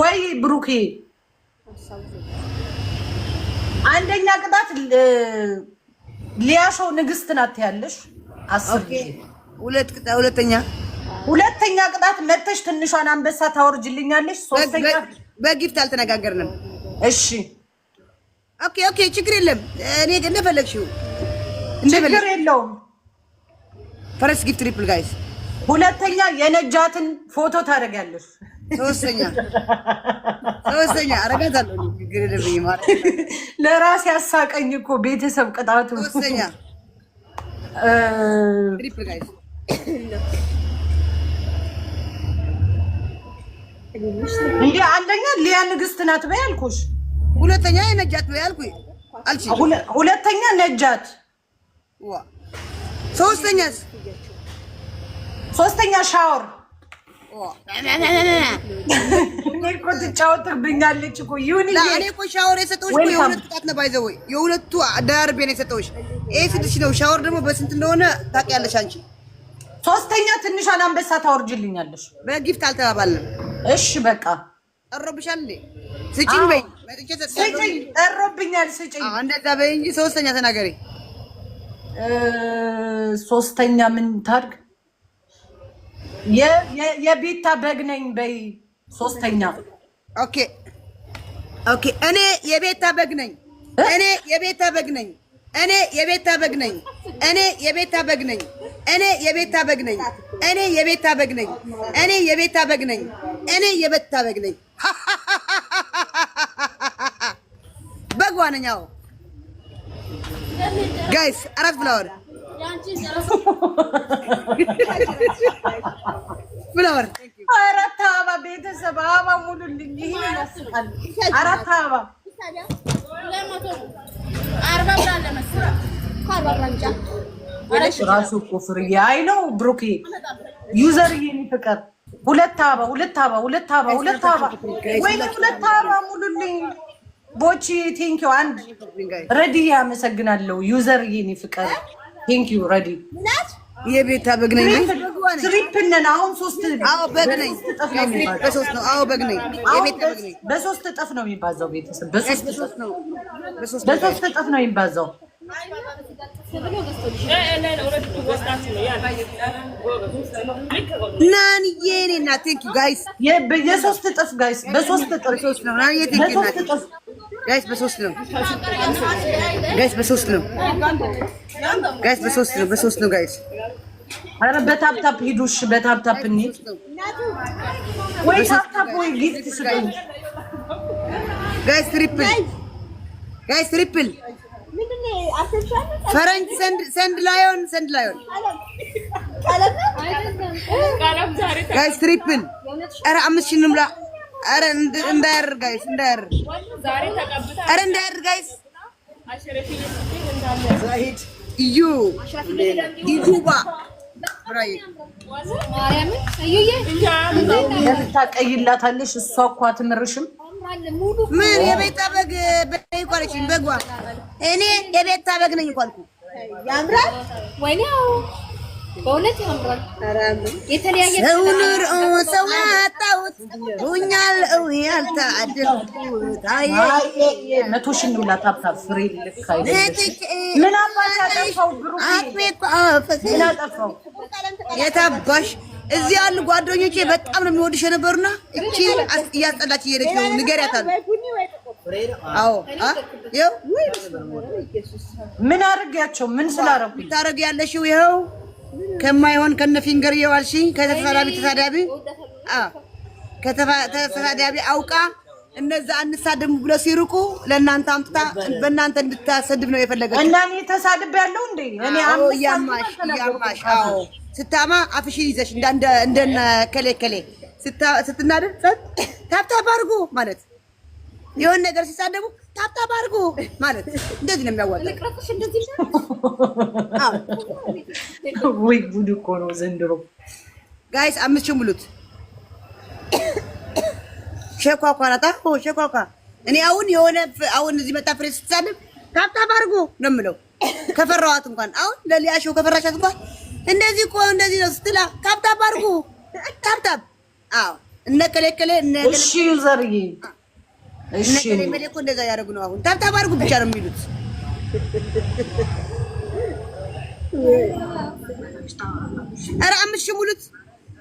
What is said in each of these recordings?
ወይ ብሩኬ፣ አንደኛ ቅጣት ሊያሾው ንግስት ናት ያለሽ አስር ጊዜ ሁለተኛ ሁለተኛ ቅጣት መተሽ ትንሿን አንበሳ ታወርጅልኛለሽ። ሶስተኛ በጊፍት አልተነጋገርንም። እሺ ኦኬ ኦኬ፣ ችግር የለም። እኔ እንደፈለግሽው ችግር የለውም። ፈረስ ጊፍት ትሪፕል ጋይስ። ሁለተኛ የነጃትን ፎቶ ታደርጊያለሽ። ሶስተኛ ሶስተኛ አረጋታለሁ። ማለት ለራሴ ያሳቀኝ እኮ ቤተሰብ ቅጣቱ ሶስተኛ እንዲ አንደኛ ሊያ ንግስት ናት በይ አልኩሽ። ሁለተኛ የነጃት በይ አልኩ ሁለተኛ ነጃት፣ ሶስተኛ ሶስተኛ ሻወር ትጫወትብኛለች እኮ እኔ እኮ ሻወር የሰጠሁሽ የሁለቱ ጣት ነው ባይዘው የሁለቱ ደራርቤ ነው የሰጠሁሽ። ይሄ ስድስት ነው። ሻወር ደግሞ በስንት እንደሆነ ታውቂያለሽ አንቺ። ሶስተኛ ትንሿን አንበሳ ታወርጅልኛለሽ። በጊፍት አልተባባልንም። እሺ በቃ ጠሮብሻል። ስጭኝ በይ ጠሮብኛል ስጭኝ። እንደዛ በይ እንጂ ሶስተኛ ተናገሪ። ሶስተኛ ምን ታድግ የቤታ በግ ነኝ በይ። ሶስተኛ ኦኬ ኦኬ። እኔ የቤታ በግ ነኝ። እኔ የቤታ በግ ነኝ። እኔ የቤታ በግ ነኝ። እኔ የቤታ በግ ነኝ። እኔ የቤታ በግ ነኝ። እኔ የቤታ በግ ነኝ። እኔ የቤታ በግ ነኝ። እኔ የቤታ በግ ነኝ። በግ ዋነኛው ጋይስ አራት ብላወር አራት አበባ ቤተሰብ አበባ ሙሉልኝ። አራት አበባ እራሱ እኮ ፍርዬ አይ ነው ብሩኬ ዩዘር ፍቅር ሁለት አበባ ሁለት አበባ ሁለት አበባ ሁለት አበባ ወይኔ ሁለት አበባ ሙሉልኝ። ቦቺ ቴንኪው አንድ ረዲ አመሰግናለሁ። ዩዘር ፍቅር ቴንክ ዩ ረዲ የቤታ በግ ነኝ። ትሪፕ አሁን ሶስት በግ ነኝ። በሶስት እጥፍ ነው የሚባዛው ቤተሰብ በሶስት እጥፍ ነው የሚባዛው። ናንዬ እኔ እና ቴንክ ዩ ጋይስ የሶስት እጥፍ ጋይስ በሶስት እጥፍ ነው ናንዬ ቴንክ ዩ ናት ጋይስ በሶስት ነው። ጋይስ በሶስት ነው። ጋይስ በሶስት ነው። በሶስት ነው። ጋይስ ኧረ በታፕታፕ ሂዱ። በታፕታፕ እንሂድ ወይ ታፕታፕ ወይ ጊፍት ስጡኝ። ጋይስ ትሪፕል፣ ጋይስ ትሪፕል። ፈረንጅ ሰንድ ላዮን፣ ሰንድ ላዮን። ጋይስ ትሪፕል። ኧረ አምስት ሺህ እንምላ አረ እንዳያርግ ጋይስ እንዳያርግ፣ አረ እንዳያርግ ጋይስ እዩ ዩቱባ ታቀይላታለሽ። እሷ እኮ አትምርሽም። ምን የቤታ በግ በይቋለችኝ። በግዋ እኔ የቤታ በግ ነኝ እኮ አልኩ። ያምራል ወይኔ በእውነት ያምራል። የተለያየ ሰውን ርዕው ሰው አጣሁት ሩኛል ው ያልታደልኩት መቶ ሺህ እንብላ ታብታብ ፍሬ ልክ ምን አባት ያጠፋው ምን አጠፋው የታባሽ እዚህ ያሉ ጓደኞቼ በጣም ነው የሚወድሽ የነበሩና እቺ እያስጠላች እየሄደች ነው። ንገሪያታል። አዎ ምን አረግያቸው ምን ስላረጉ ታረግ ያለሽው ይኸው ከማይሆን ከነ ፊንገር የዋልሽኝ ከተሳዳቢ ተሳዳቢ ከተሳዳቢ አውቃ እነዛ አንሳደሙ ብለው ሲርቁ ለእናንተ አምጥታ በእናንተ እንድታሰድብ ነው የፈለገችው። እና እኔ ተሳድብ ያለው እንዴ? እኔ እያማሽ እያማሽ አዎ፣ ስታማ አፍሽን ይዘሽ እንደ እንደ ከሌ ከሌ ስትናደድ ታብታብ አድርጎ ማለት የሆነ ነገር ሲሳደቡ ታብታብ አድርጎ ማለት እንደዚህ ነው የሚያዋጣው። ወይ ጉድ እኮ ነው ዘንድሮ ጋይስ። አምስት ሺህ ሙሉት ሸኳኳ ናት። ሸኳኳ። እኔ አሁን የሆነ አሁን እዚህ መጣ ፍሬ ስትሳደብ ታብታብ አድርጎ ነው የምለው። ከፈራዋት እንኳን አሁን ለሊያሾው ከፈራሻት እንኳን እንደዚህ እኮ እንደዚህ ነው ስትላ ታብታብ አድርጎ ታብታብ። አዎ እነ ከሌከሌ እነ እሺ ዘርዬ ሜሌ እኮ እንደዛ ያደረጉ ነው። አሁን ታብታብ አድርጉ ብቻ ነው የሚሉት። ኧረ አምስት ሺህ ሙሉት፣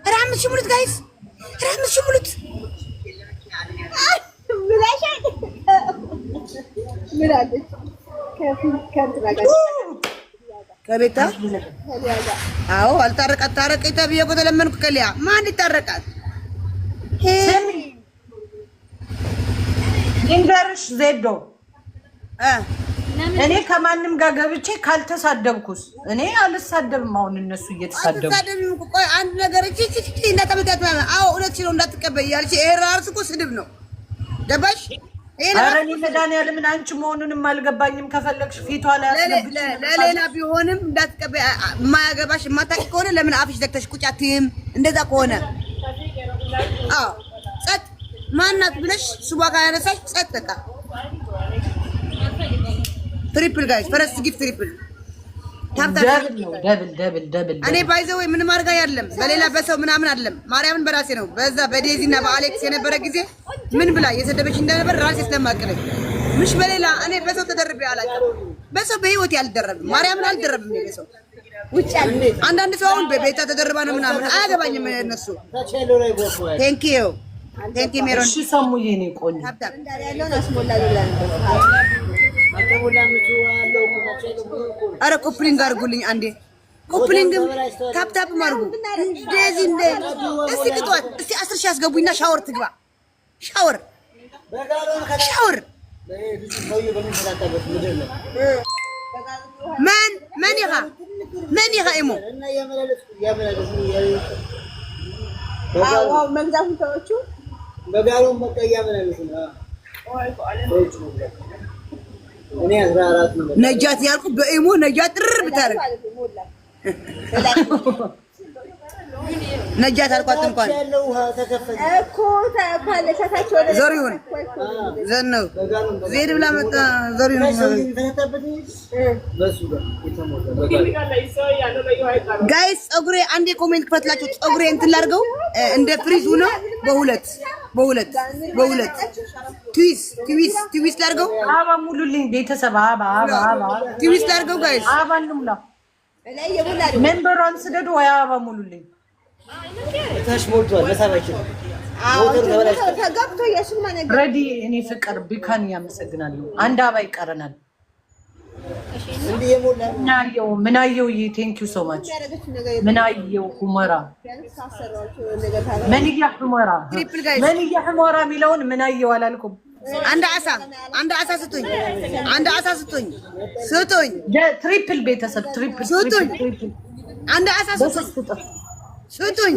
ኧረ አምስት ሺህ ሙሉት፣ ጋይስ ኧረ አምስት ሺህ ሙሉት። ከቤታ አዎ ተብዬ እኮ ተለመንኩ። ከሊያ ማን ይታረቃት? ድንገርሽ ዜዶ እኔ ከማንም ጋር ገብቼ ካልተሳደብኩስ፣ እኔ አልሳደብም። አሁን እነሱ እየተሳደቡ አንድ ነገር እንዳትቀበይ ስድብ ነው። ገባሽ? እኔ መድኃኒዓለምን አንቺ መሆኑንም አልገባኝም። ከፈለግሽ ፊቷ ላይ ለሌላ ቢሆንም እንዳትቀበይ። የማያገባሽ የማታውቂ ከሆነ ለምን አፍሽ ዘግተሽ ቁጭ አትይም? እንደዛ ከሆነ አዎ ማናት ብለሽ ስሟ ካላነሳሽ ጸጥታ ትሪፕል ጋይስ ፈረስ ጊፍ ትሪፕል እኔ ባይዘው ወይ ምንም አድርጋ ያለም በሌላ በሰው ምናምን አለም ማርያምን በራሴ ነው። በዛ በዴዚ እና በአሌክስ የነበረ ጊዜ ምን ብላ የሰደበች እንደነበር ራሴ ስለማቅለኝ ምሽ በሌላ እኔ በሰው ተደርቤ አላውቅም። በሰው በህይወት ያልደረብ ማርያምን አልደረብም። ሰው ውጭ አንዳንድ ሰው አሁን በቤታ ተደርባ ነው ምናምን አያገባኝም እነሱ ቴንኪዩ ኧረ ኮፕሊንግ አድርጉልኝ አንዴ። ኮፕሊንግም ታፕታፕም አድርጉ እንደዚህ እንደ እስቲ ቅጧት እስቲ አስር ሺህ አስገቡኝና ሻወር ትግባ። ሻወር ሻወር መን መን ይኻ መን ይኻ ኢሞ መግዛቱ ተወችው በጋሩም በቃ እያመላለስ ነው። እኔ አስራ አራት ነው ነጃት ያልኩት በኢሞ ነጃት ጥር ብታረግ ነጃት አልኳት። እንኳን ዘሪሁን ዘነው ዘይድ ብላ መጣ። ዘሪሁን ጋይስ ፀጉሬ አንዴ ኮሜንት ክፈትላቸው። ፀጉሬ እንትን ላድርገው እንደ ፍሪዝ ሆኖ በሁለት በሁለት በሁለት ትዊስ ትዊስ ትዊስ ላርገው። አባ ሙሉልኝ ቤተሰብ አባ አባ አባ ትዊስ ላርገው። ጋይስ አባ እንሙላ። መንበሯን ስደዱ ወይ አባ ሙሉልኝ። ታሽ ሞልቷል። መሳባችን ተጋብቶ የሱማ ነገር ረዲ እኔ ፍቅር ቢካን ያመሰግናለሁ። አንድ አባ ይቀረናል። ምናየው ምናየው ቴንኪው ሶ ማች ምናየው ሁመራ መንያ ሁመራ መንያ ሁመራ የሚለውን ምናየው አላልኩም። አንድ አሳ አንድ አሳ ስጡኝ፣ አንድ አሳ ስጡኝ፣ ስጡኝ። ትሪፕል ቤተሰብ ትሪፕል ስጡኝ። አንድ አሳ ስጡኝ።